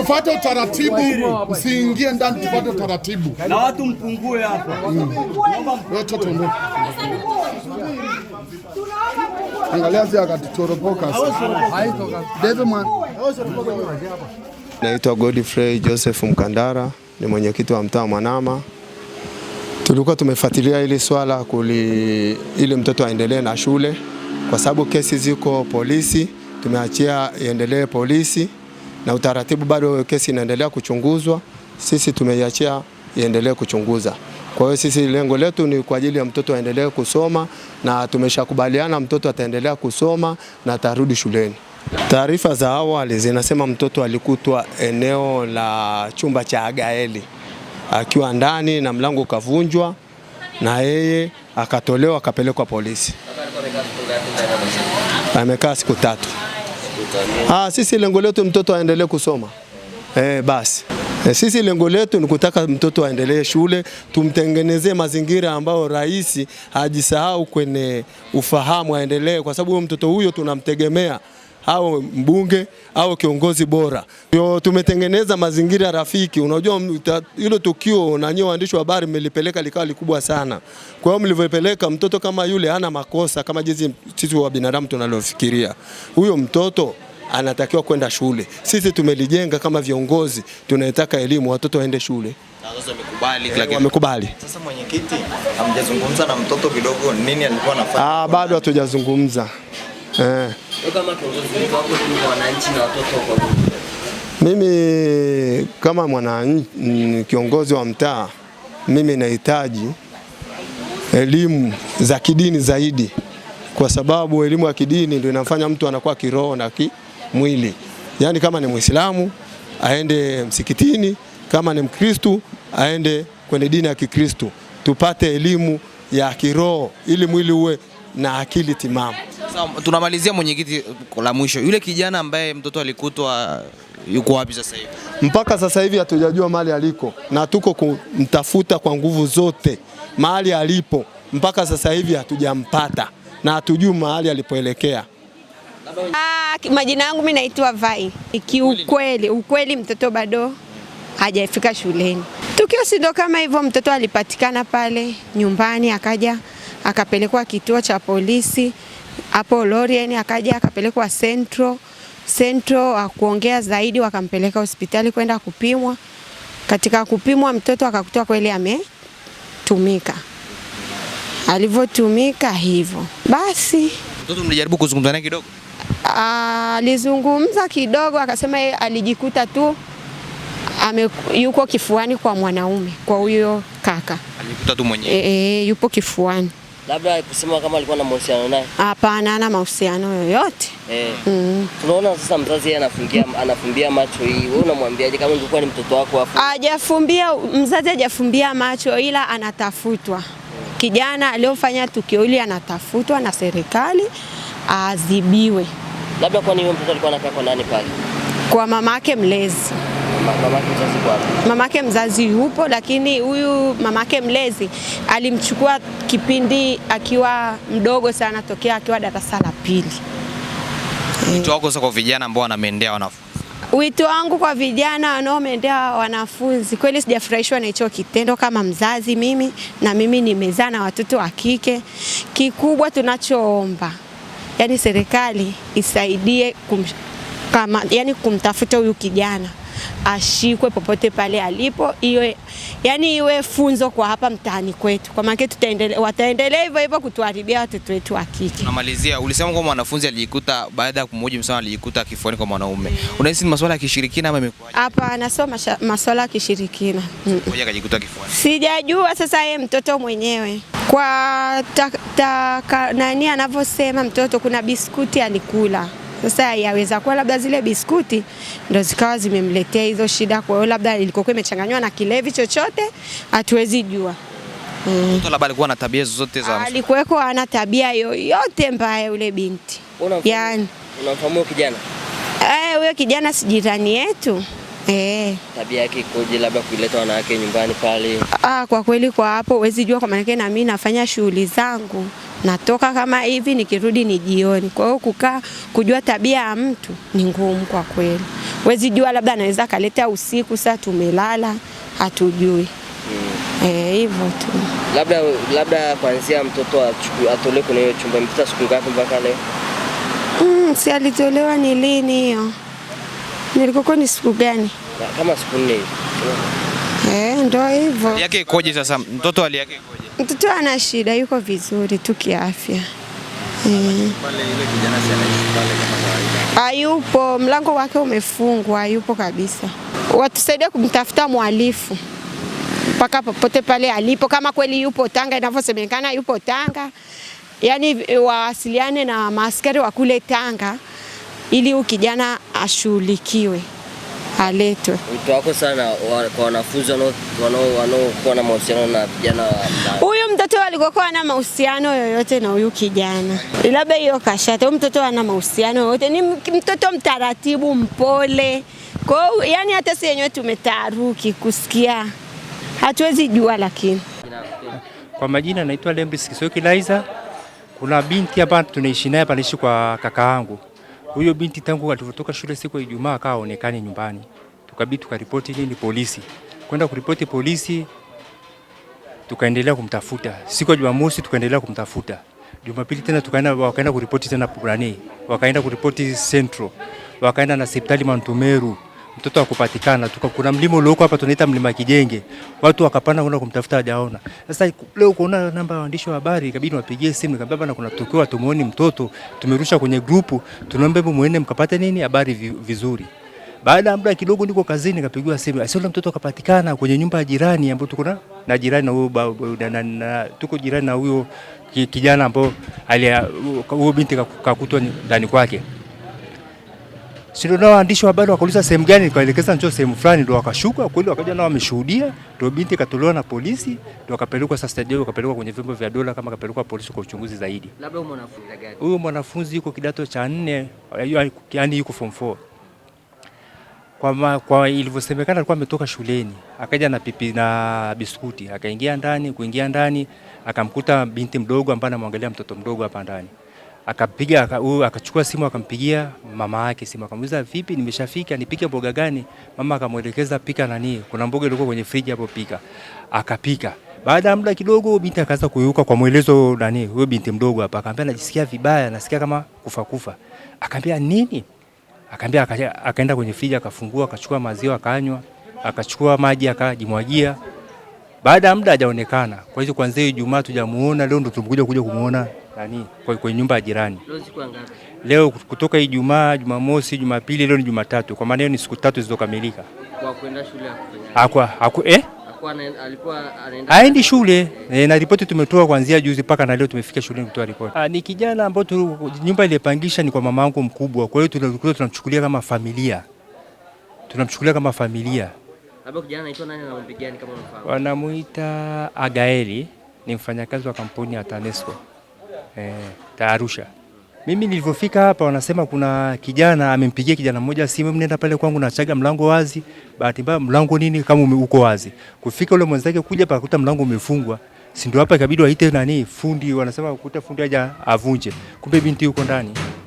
Tufate utaratibu, msiingie ndani, tufate utaratibu na watu mpungue hapa. Mm. Angalia si akatutoropoka. Naitwa Godfrey Joseph Mkandara, ni mwenyekiti wa mtaa Mwanama. Tulikuwa tumefuatilia hili swala kuli, ili mtoto aendelee na shule, kwa sababu kesi ziko polisi, tumeachia iendelee polisi na utaratibu bado kesi inaendelea kuchunguzwa, sisi tumeiachia iendelee kuchunguza. Kwa hiyo sisi lengo letu ni kwa ajili ya mtoto aendelee kusoma na tumeshakubaliana mtoto ataendelea kusoma na atarudi shuleni. Taarifa za awali zinasema mtoto alikutwa eneo la chumba cha Agaeli akiwa ndani na mlango ukavunjwa na yeye akatolewa akapelekwa polisi. Amekaa siku tatu. Ah, sisi lengo letu mtoto aendelee kusoma eh, basi eh, sisi lengo letu ni kutaka mtoto aendelee shule, tumtengenezee mazingira ambayo rais hajisahau kwenye ufahamu, aendelee kwa sababu mtoto huyo tunamtegemea au mbunge au kiongozi bora. Yo, tumetengeneza mazingira rafiki. Unajua hilo tukio na waandishi wa habari mmelipeleka likawa likubwa sana. Kwa hiyo mlivyopeleka, mtoto kama yule hana makosa kama jinsi sisi wa binadamu tunalofikiria. Huyo mtoto anatakiwa kwenda shule. Sisi tumelijenga kama viongozi, tunaitaka elimu watoto waende shule. Sasa eh, wamekubali. Sasa mwenyekiti, hamjazungumza na mtoto kidogo, nini alikuwa anafanya? Ah, bado hatujazungumza. Eh. Mimi kama mwana kiongozi wa mtaa, mimi nahitaji elimu za kidini zaidi, kwa sababu elimu ya kidini ndio inafanya mtu anakuwa kiroho na kimwili. Yaani kama ni Muislamu aende msikitini, kama ni Mkristu aende kwenye dini ya Kikristu, tupate elimu ya kiroho ili mwili uwe na akili timamu. Sawa, tunamalizia mwenyekiti, la mwisho, yule kijana ambaye mtoto alikutwa yuko wapi sasa hivi? Mpaka sasa hivi hatujajua mahali aliko na tuko kumtafuta kwa nguvu zote mahali alipo, mpaka sasa hivi hatujampata na hatujui mahali alipoelekea. Ah, majina yangu mimi naitwa Vai. Kiukweli, ukweli mtoto bado hajafika shuleni. Tukio si ndo kama hivyo, mtoto alipatikana pale nyumbani, akaja akapelekwa kituo cha polisi hapo Lorien, akaja akapelekwa Central. Central akuongea zaidi, wakampeleka hospitali kwenda kupimwa. Katika kupimwa, mtoto akakuta kweli ametumika. Alivyotumika hivyo basi, mtoto mlijaribu kuzungumza naye kidogo? Alizungumza kidogo, akasema yeye alijikuta tu ame, yuko kifuani kwa mwanaume, kwa huyo kaka alijikuta tu mwenyewe. E, e, yupo kifuani Labda kusema kama alikuwa na mahusiano naye? Hapana, ana mahusiano yoyote. Eh. Mm. Tunaona sasa mzazi yeye anafungia anafumbia macho hii. Wewe unamwambiaje kama ungekuwa ni mtoto wako afu? Hajafumbia, mzazi hajafumbia macho ila anatafutwa. Mm. Kijana aliyofanya tukio hili anatafutwa na serikali aadhibiwe. Labda kwa nini mtoto alikuwa anakaa kwa nani pale? Kwa mamake mlezi mamake mzazi yupo, lakini huyu mamake mlezi alimchukua kipindi akiwa mdogo sana, tokea akiwa darasa la pili. Wito wako kwa vijana ambao wanamendea wanafunzi? Wito wangu kwa vijana wanaomendea wanafunzi, kweli sijafurahishwa na hicho kitendo kama mzazi mimi, na mimi nimezaa na watoto wa kike. Kikubwa tunachoomba yani serikali isaidie kum, kama, yani kumtafuta huyu kijana ashikwe popote pale alipo, iwe yani iwe funzo kwa hapa mtaani kwetu, kwa maana tutaendelea, wataendelea hivyo hivyo kutuharibia watoto wetu wa kike. Namalizia, ulisema kwamba mwanafunzi alijikuta baada ya kumhoji msana alijikuta kifuani kwa mwanaume. Unahisi masuala ya kishirikina ama imekwaje? Hapana, sio masuala ya kishirikina. Mmoja akajikuta kifuani. Sijajua sasa yeye mtoto mwenyewe kwa ta, ta, ka, nani anavyosema mtoto, kuna biskuti alikula sasa yaweza kuwa labda zile biskuti ndo zikawa zimemletea hizo shida, kwa hiyo labda ilikokuwa imechanganywa na kilevi chochote, hatuwezi jua. Mm. Labda alikuwa na tabia zozote za alikuweko ana tabia yoyote mbaya yule binti. yani, unamfahamu yaani. kijana? Eh, huyo kijana si jirani yetu. Eh. Tabia yake ikoje labda kuileta wanawake nyumbani pale? Ah, kwa kweli kwa hapo huwezi jua, kwa maana yake na mimi nafanya shughuli zangu, natoka kama hivi nikirudi ni jioni. Kwa hiyo kukaa kujua tabia ya mtu ni ngumu kwa kweli, huwezi jua, labda anaweza kaleta usiku, saa tumelala, hatujui hmm. Eh, hivyo hmm. E, tu labda labda kuanzia mtoto atolewe kwenye chumba, imepita siku ngapi mpaka leo? Mm, si alitolewa ni lini hiyo? Nilikoko ni siku gani? Kama siku nne eh, ndo hivyo. Yake ikoje sasa? Mtoto hali yake ikoje? Mtoto ana shida, yuko vizuri tu kiafya. Eh. Hayupo, mlango wake umefungwa, hayupo kabisa. Watusaidia kumtafuta mwalifu mpaka popote pale alipo, kama kweli yupo Tanga inavyosemekana yupo Tanga, yaani wawasiliane na maaskari wa kule Tanga ili ukijana ashughulikiwe, aletwe. Wito wako sana kwa wanafunzi wanaokuwa na mahusiano na vijana? Huyu mtoto alikuwa ana mahusiano yoyote na huyu kijana, labda hiyo kashata. Huyu mtoto ana mahusiano yoyote? Ni mtoto mtaratibu, mpole kwa yani, hata si yenyewe tumetaharuki kusikia, hatuwezi jua. Lakini kwa majina naitwa Lembis Kisoki Laiza. Kuna binti hapa tunaishi naye, panishi kwa kaka yangu huyo binti tangu alivyotoka shule siku ya Ijumaa akawa aonekane nyumbani, tukabidi tukaripoti nini polisi, kwenda kuripoti polisi, tukaendelea kumtafuta siku ya Jumamosi, tukaendelea kumtafuta Jumapili tena tukaenda, wakaenda kuripoti tena Purani, wakaenda kuripoti Central, wakaenda na hospitali mantumeru Meru mtoto akupatikana. Kuna mlima ulioko hapa tunaita mlima Kijenge, watu wakapanda kwenda kumtafuta hajaona. Sasa leo kuona namba ya waandishi wa habari, ikabidi wapigie simu, nikamwambia bana, kuna tukio, tumuone mtoto, tumerusha kwenye grupu, tunaomba hebu muende mkapate nini habari vizuri. Baada ya muda kidogo, niko kazini, nikapigiwa simu, asiona mtoto akapatikana kwenye nyumba ya jirani, ambayo tuko na na jirani na huyo tuko jirani na huyo kijana ambao huyo binti kakutwa ndani kwake. Sio na waandishi wa habari wakauliza sehemu gani, nikaelekeza njoo sehemu fulani, ndio wakashuka kweli, wakaja nao wameshuhudia, ndio binti katolewa na polisi, ndio akapelekwa sasa stadio, akapelekwa kwenye vyombo vya dola, kama akapelekwa polisi kwa uchunguzi zaidi. Labda huyo mwanafunzi gani? Huyo mwanafunzi yuko kidato cha 4, yaani yuko form 4. Kwa, ma, kwa ilivyosemekana alikuwa ametoka shuleni akaja na pipi na biskuti, akaingia ndani. Kuingia ndani akamkuta binti mdogo ambaye anamwangalia mtoto mdogo hapa ndani akapiga huyu akachukua simu akampigia mama yake simu akamuuliza, vipi, nimeshafika, nipike mboga gani? Mama akamwelekeza pika nani, kuna mboga ilikuwa kwenye friji hapo, pika. Akapika. Baada ya muda kidogo, binti akaanza kuyuka kwa mwelezo nani, huyo binti mdogo hapa, akamwambia najisikia vibaya, nasikia kama kufa kufa. Akamwambia nini? Akamwambia akaenda kwenye friji akafungua, akachukua maziwa akanywa, akachukua maji akajimwagia. Baada ya muda hajaonekana. Kwa hiyo kuanzia Ijumaa tujamuona, leo ndo tumekuja kuja kumuona nani kwenye nyumba ya jirani. Leo siku ngapi? Leo kutoka Ijumaa, Jumamosi, Jumapili, leo ni Jumatatu. Kwa maana hiyo ni siku tatu zilizokamilika. Kwa kwenda shule hakufanya. Haku, eh? alikuwa anaenda. Haendi shule Eh. e, na ripoti tumetoa kuanzia juzi mpaka na leo tumefika shuleni kutoa ripoti. Ah, Ni kijana ambaye nyumba ilipangisha ni kwa mama yangu mkubwa, kwa hiyo tunamchukulia kama familia, tunamchukulia kama familia. Hapo kijana anaitwa nani na kama Wanamuita Agaeli, ni mfanyakazi wa kampuni ya TANESCO eh, taarusha. Mimi nilivyofika hapa, wanasema kuna kijana amempigia kijana mmoja simu, mnenda pale kwangu na chaga mlango wazi. Bahati mbaya mlango nini kama uko wazi, kufika ule mwenzake kuja pa mlango umefungwa, si ndio? Hapa ikabidi waite nani fundi, wanasema kuta fundi aja avunje, kumbe binti yuko ndani.